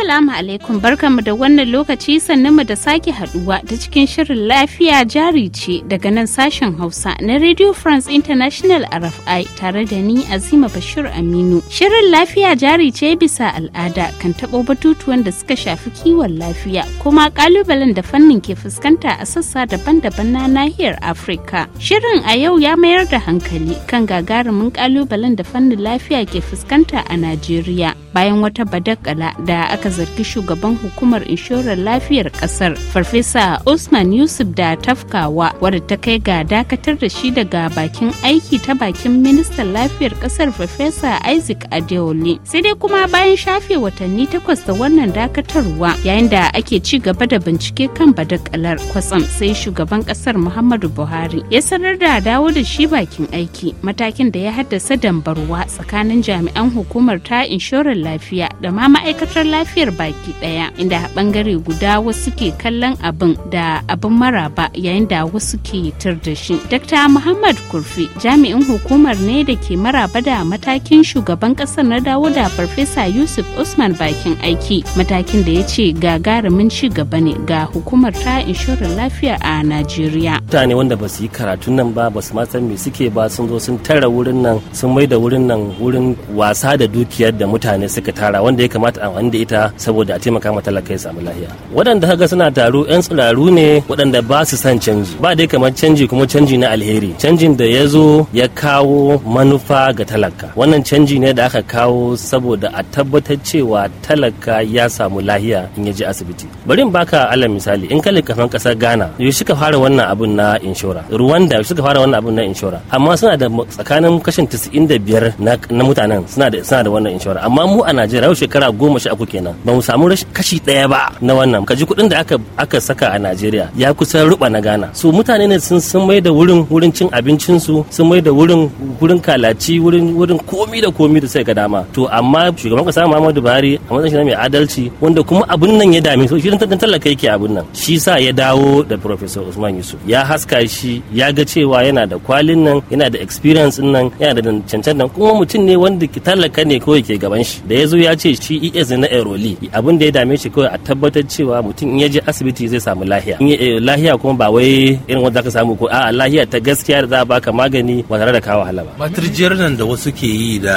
Assalamu alaikum barkanmu da wannan lokaci sannan mu da sake haduwa ta cikin shirin lafiya jari ce daga nan sashen Hausa na Radio France International RFI tare da ni Azima Bashir Aminu. Shirin lafiya jari ce bisa al'ada kan taɓo batutuwan da suka shafi kiwon lafiya kuma kalubalen da fannin ke fuskanta a sassa daban-daban na nahiyar Afirka. Shirin a yau ya mayar da hankali kan gagarumin kalubalen da fannin lafiya ke fuskanta a Najeriya bayan wata badakala da aka zargi shugaban hukumar inshorar lafiyar kasar farfesa usman yusuf da tafkawa wadda ta kai ga dakatar da shi daga bakin aiki ta bakin ministan lafiyar kasar farfesa isaac adeoli sai dai kuma bayan shafe watanni takwas da wannan dakatarwa yayin da ake ci gaba da bincike kan badakalar kwatsam sai shugaban kasar muhammadu buhari ya sanar da dawo da shi bakin aiki matakin da ya haddasa dambarwa tsakanin jami'an hukumar ta inshorar lafiya da ma ma'aikatar lafiya tafiyar baki daya inda bangare guda wasu ke kallon abin da abin maraba yayin da wasu ke tar da shi dr muhammad kurfi jami'in hukumar ne da ke maraba da matakin shugaban kasar na dawo da farfesa yusuf usman bakin aiki matakin da ya ce gagarumin ci gaba ne ga hukumar ta inshorar lafiya a najeriya mutane wanda ba su yi karatun nan ba ba su ma san me suke ba sun zo sun tara wurin nan sun mai da wurin nan wurin wasa da dukiyar da mutane suka tara wanda ya kamata a da ita saboda a taimaka ma talaka ya samu lahiya waɗanda haka suna taro yan tsiraru ne waɗanda ba su son canji ba dai kamar canji kuma canji na alheri canjin da ya zo ya kawo manufa ga talaka wannan canji ne da aka kawo saboda a tabbatar cewa talaka ya samu lahiya in ya je asibiti bari in baka alal misali in kalli kafan ƙasar ghana yau suka fara wannan abun na inshora rwanda suka fara wannan abun na inshora amma suna da tsakanin kashin 95 na mutanen suna da suna da wannan inshora amma mu a najeriya yau shekara goma sha uku kenan ba mu samu kashi ɗaya ba na wannan kaji kuɗin da aka aka saka a Najeriya ya kusan ruba na Ghana su mutane ne sun sun mai da wurin wurin cin abincin su sun mai da wurin wurin kalaci wurin wurin komi da komi da sai ga dama to amma shugaban kasa Muhammadu Buhari a matsayin shi mai adalci wanda kuma abun nan ya dame so shi dan tallaka yake abun nan shi sa ya dawo da Professor Usman Yusuf ya haska shi ya ga cewa yana da kwalin nan yana da experience nan yana da cancan nan kuma mutum ne wanda talaka ne kawai ke gaban shi da ya zo ya ce shi ES na Aeroli yi abin da ya dame shi kawai a tabbatar cewa mutum in ya je asibiti zai samu lahiya eh, lahiya kuma ba wai irin wanda zaka samu ko a lahiya ta gaskiya da za a baka magani ba tare da kawo wahala ba matirjiyar nan da wasu ke yi da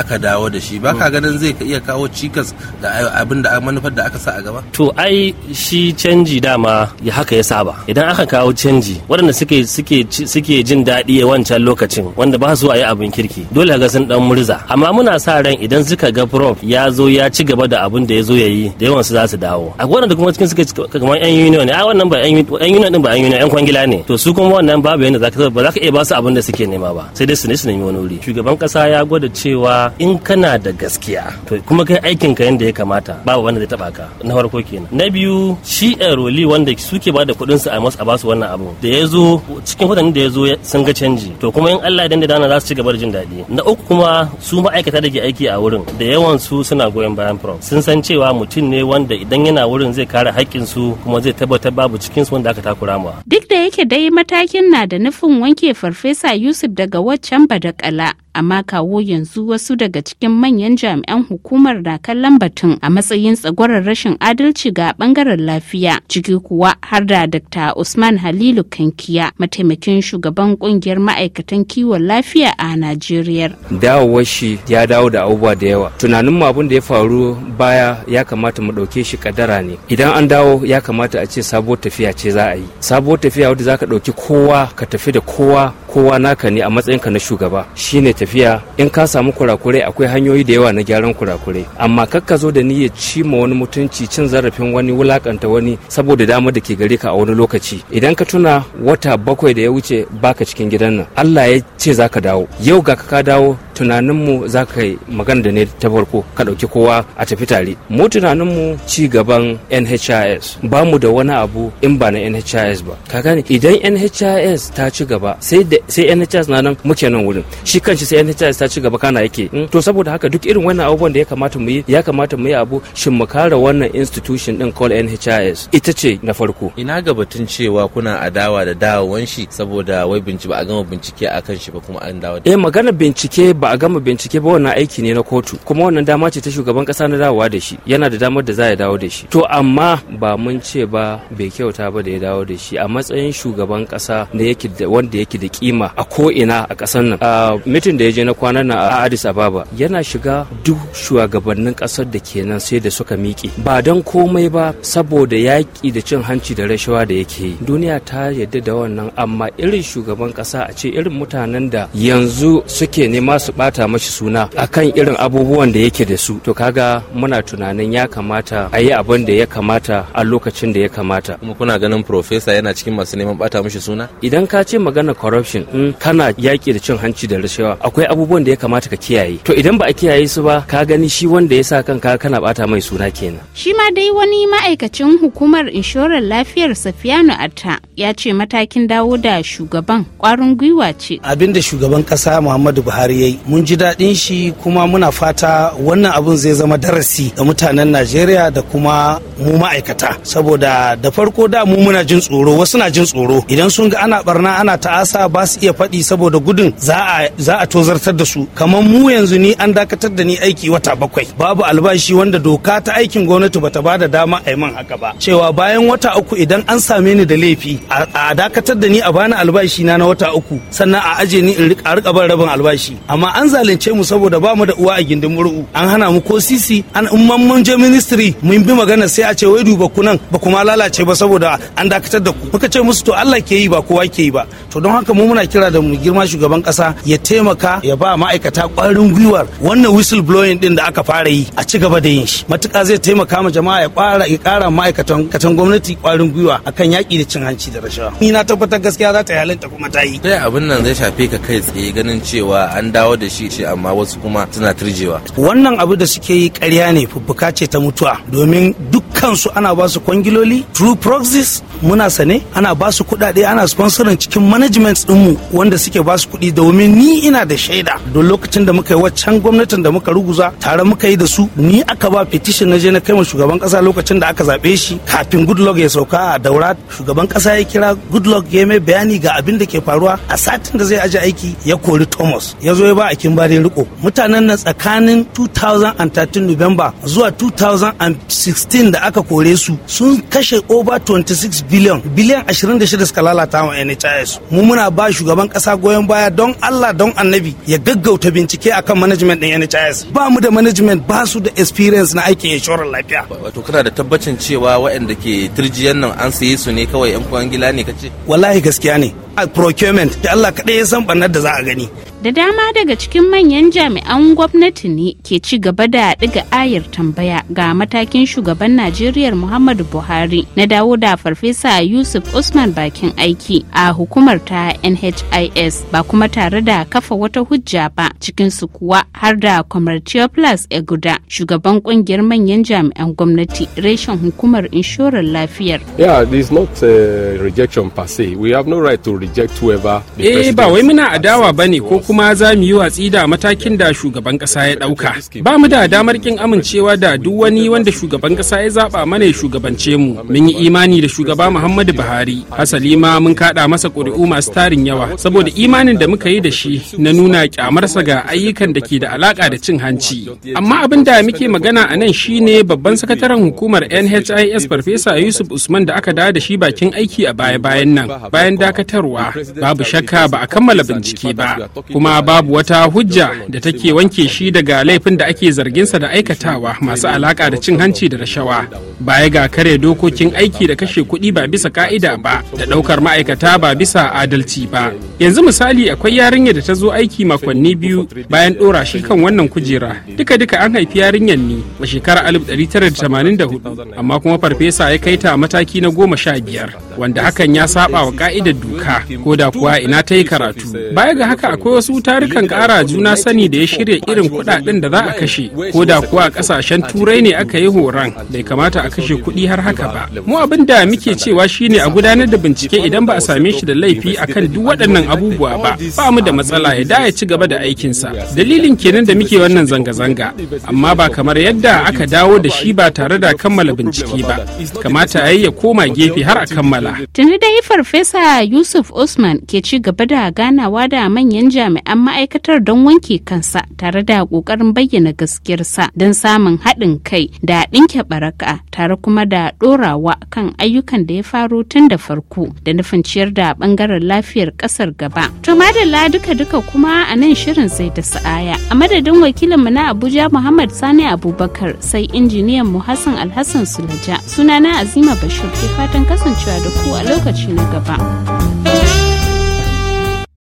aka dawo da shi ba ka mm. ganin zai iya kawo cikas da abin da manufar da aka sa a gaba to ai shi canji dama ya haka ya saba idan aka kawo canji waɗanda suke suke suke jin daɗi a wancan lokacin wanda ba su a yi abin kirki dole ga sun dan murza amma muna sa ran idan suka ga prof ya zo ya ci gaba da abin da ya zo ya yi da yawan su za su dawo a wannan da kuma cikin suka kamar yan union ne a wannan ba yan union din ba yan union yan kwangila ne to su kuma wannan babu yanda zaka ba zaka iya ba su abin da suke nema ba sai dai su ne su nemi wani wuri shugaban kasa ya gwada cewa in kana da gaskiya to kuma kai aikin ka yanda ya kamata babu wanda zai taba ka na farko kenan na biyu shi roli wanda suke ba da kuɗin su a masu a basu wannan abu da ya zo cikin watanni da ya zo sun ga canji to kuma in Allah ya danda dana za su ci gaba da jin daɗi na uku kuma su ma'aikata da ke aiki a wurin da yawan su suna goyon bayan prom sun san san cewa mutum ne wanda idan yana wurin zai kare su kuma zai tabbatar babu cikinsu wanda aka takura ma. Duk da yake dai matakin na da nufin wanke Farfesa Yusuf daga waccan badakala amma kawo yanzu wasu daga cikin manyan jami'an hukumar na kallon batun a matsayin tsagwarar rashin adalci ga bangaren lafiya ciki kuwa har da Dr. Usman Halilu Kankiya mataimakin shugaban kungiyar ma'aikatan kiwon lafiya a Najeriya. Dawowar shi ya dawo da abubuwa da yawa. Tunanin mu abin da ya faru baya ya kamata mu ɗauke shi kadara ne. Idan an dawo ya kamata a ce sabuwar tafiya ce za a yi. Sabuwar tafiya wadda za ka ɗauki kowa ka tafi da kowa kowa naka ne a matsayinka na shugaba shine tafiya in ka samu kurakurai akwai hanyoyi da yawa na gyaran kurakurai amma kakka zo da niyyar ma wani mutunci cin zarafin wani wulakanta wani saboda dama da ke gare ka a wani lokaci idan ka tuna wata bakwai da ya wuce baka cikin gidan nan Allah ya ce zaka dawo yau ga ka dawo tunaninmu za ka yi magana da ne ta farko ka ɗauki kowa a tafi tare mu tunaninmu ci gaban nhis ba mu da wani abu in ba na nhis ba ka gane idan nhis ta ci gaba sai nhis na nan muke nan wurin shi kanshi sai nhis ta ci gaba kana yake hmm? to saboda haka duk irin wannan abubuwan da ya kamata mu yi ya kamata mu yi abu shin mu kare wannan institution din call nhis ita ce na farko ina ga batun cewa kuna adawa da dawowan shi saboda wai bincike ba a gama bincike akan shi ba kuma an dawo eh magana bincike ba a gama bincike ba wannan aiki ne na kotu kuma wannan dama ce ta shugaban kasa na dawowa da shi yana da damar da za ya dawo da shi to amma ba mun ce ba bai kyauta ba da ya dawo da shi a matsayin shugaban kasa da yake da wanda yake da kima a ko ina a kasar nan a mitin da ya je na kwanan na a Addis Ababa yana shiga duk shugabannin kasar da kenan sai da suka miƙe ba don komai ba saboda yaƙi da cin hanci da rashawa da yake yi duniya ta yadda da wannan amma irin shugaban kasa a ce irin mutanen da yanzu suke nema su bata mashi suna akan irin abubuwan da yake da su to kaga muna tunanin ya kamata a yi abin da ya kamata a lokacin da ya kamata kuma kuna ganin profesa yana cikin masu neman bata mashi suna idan ka ce magana corruption in kana yaki da cin hanci da rashawa akwai abubuwan da ya kamata ka kiyaye to idan ba a kiyaye su ba ka gani shi wanda ya sa kanka kana bata mai suna kenan shi ma dai wani ma'aikacin hukumar inshorar lafiyar safiyanu atta ya ce matakin dawo da shugaban kwarin gwiwa ce abin da shugaban kasa muhammadu buhari ya yi mun ji daɗin shi kuma muna fata wannan abin zai zama darasi ga mutanen najeriya da kuma mu ma'aikata saboda da farko da mu muna jin tsoro wasu na jin tsoro idan sun ga ana barna ana ta'asa ba su iya faɗi saboda gudun za a tozartar da su kamar mu yanzu ni an dakatar da ni aiki wata bakwai babu albashi wanda doka ta aikin gwamnati bata bada dama a man haka ba cewa bayan wata uku idan an same ni da laifi a dakatar da ni a bani albashi na na wata uku sannan a aje ni in rika rabin albashi amma amma an zalunce mu saboda ba mu da uwa a gindin muru'u an hana mu ko sisi an umman mun je ministry mun bi magana sai a ce wai duba kunan ba kuma lalace ba saboda an dakatar da ku muka ce musu to Allah ke yi ba kowa ke yi ba to don haka mu muna kira da mu girma shugaban kasa ya taimaka ya ba ma'aikata kwarin gwiwar wannan whistle blowing din da aka fara yi a ci gaba da yin shi matuƙa zai taimaka ma jama'a ya ƙara ya ƙara ma'aikatan katan gwamnati kwarin gwiwa akan yaki da cin hanci da rashawa ni na tabbatar gaskiya za ta halinta kuma ta yi abin nan zai shafe ka kai tsaye ganin cewa an dawo da shi shi amma wasu kuma suna turjewa wannan abu da suke yi ƙarya ne fuffuka ce ta mutuwa domin dukkansu ana ba su kwangiloli true proxies muna sane ana ba su kuɗaɗe ana sponsorin cikin management ɗinmu wanda suke ba su kuɗi domin ni ina da shaida don lokacin da muka yi waccan gwamnatin da muka ruguza tare muka yi da su ni aka ba petition na je na kai ma shugaban kasa lokacin da aka zaɓe shi kafin goodluck ya sauka a daura shugaban kasa ya kira goodluck ya mai bayani ga abin da ke faruwa a satin da zai ajiye aiki ya kori thomas ya zo ya ba a kimbari riko mutanen nan tsakanin 2013 november zuwa 2016 da aka kore su sun kashe over 26 biliyan biliyan 26 suka lalata wa NHIS mu muna ba shugaban kasa goyon baya don Allah don annabi ya gaggauta bincike akan management din NHIS ba mu da management ba su da experience na aikin inshorar lafiya wato kana da tabbacin cewa waɗanda ke turjiyan nan an saye su ne kawai yan kwangila ne kace wallahi gaskiya ne a procurement da Allah kaɗai ya san bannar da za a gani da dama daga cikin manyan jami'an gwamnati ne ke ci gaba da ɗiga ayar tambaya ga matakin shugaban najeriya muhammadu buhari na dawo da farfesa yusuf usman bakin aiki a hukumar ta nhis ba kuma tare da kafa wata hujja ba cikin su kuwa har da plus eguda shugaban kungiyar manyan jami'an gwamnati reshen hukumar inshorar lafiyar yeah not a rejection per se we have to reject whoever eh ba wai muna adawa bane ko kuma za mu yi watsi da matakin da shugaban ƙasa ya ɗauka. Ba mu da damar kin amincewa da duk wani wanda shugaban ƙasa ya zaba mana ya shugabance mu. Mun yi imani da shugaba Muhammadu Buhari. Hasali ma mun kaɗa masa ƙuri'u masu tarin yawa saboda imanin da muka yi da shi na nuna ƙyamarsa ga ayyukan da ke da alaka da cin hanci. Amma abin da muke magana a nan shine babban sakataren hukumar NHIS Farfesa Yusuf Usman da aka dawo da shi bakin aiki a baya-bayan nan bayan dakatarwa babu shakka ba a kammala bincike ba. kuma babu wata hujja da take wanke shi daga laifin da ake zarginsa da aikatawa masu alaka da cin hanci da rashawa baya ga kare dokokin aiki da kashe kuɗi ba bisa ka'ida ba da ɗaukar ma'aikata ba bisa adalci ba yanzu misali akwai yarinya da ta zo aiki makonni biyu bayan ɗora shi kan wannan kujera duka duka an haifi yarinyar ne a shekarar hudu. amma kuma farfesa ya kai ta mataki na goma sha biyar wanda hakan ya saba wa ka'idar doka ko da kuwa ina ta yi karatu baya ga haka akwai wasu wasu tarukan ƙara juna sani da ya shirya irin kuɗaɗen da za a kashe ko da kuwa a ƙasashen turai ne aka yi horan bai kamata a kashe kuɗi har haka ba mu abin da muke cewa shine a gudanar da bincike idan ba a same shi da laifi akan duk waɗannan abubuwa ba ba mu da matsala ya da ya ci gaba da aikinsa dalilin kenan da muke wannan zanga-zanga amma ba kamar yadda aka dawo da shi ba tare da kammala bincike ba kamata a yi ya koma gefe har a kammala tuni dai farfesa yusuf usman ke ci gaba da ganawa da manyan jami'ai jami'an ma'aikatar don wanke kansa tare da ƙoƙarin bayyana gaskiyarsa don samun haɗin kai da ɗinke baraka tare kuma da ɗorawa kan ayyukan da ya faru tun da farko da nufin ciyar da ɓangaren lafiyar ƙasar gaba. To madalla duka-duka kuma a nan shirin sai da sa'aya. A madadin wakilinmu na Abuja Muhammad Sani Abubakar sai injiniyan mu Hassan Alhassan Sulaja sunana Azima Bashir ke fatan kasancewa da ku a lokaci na gaba.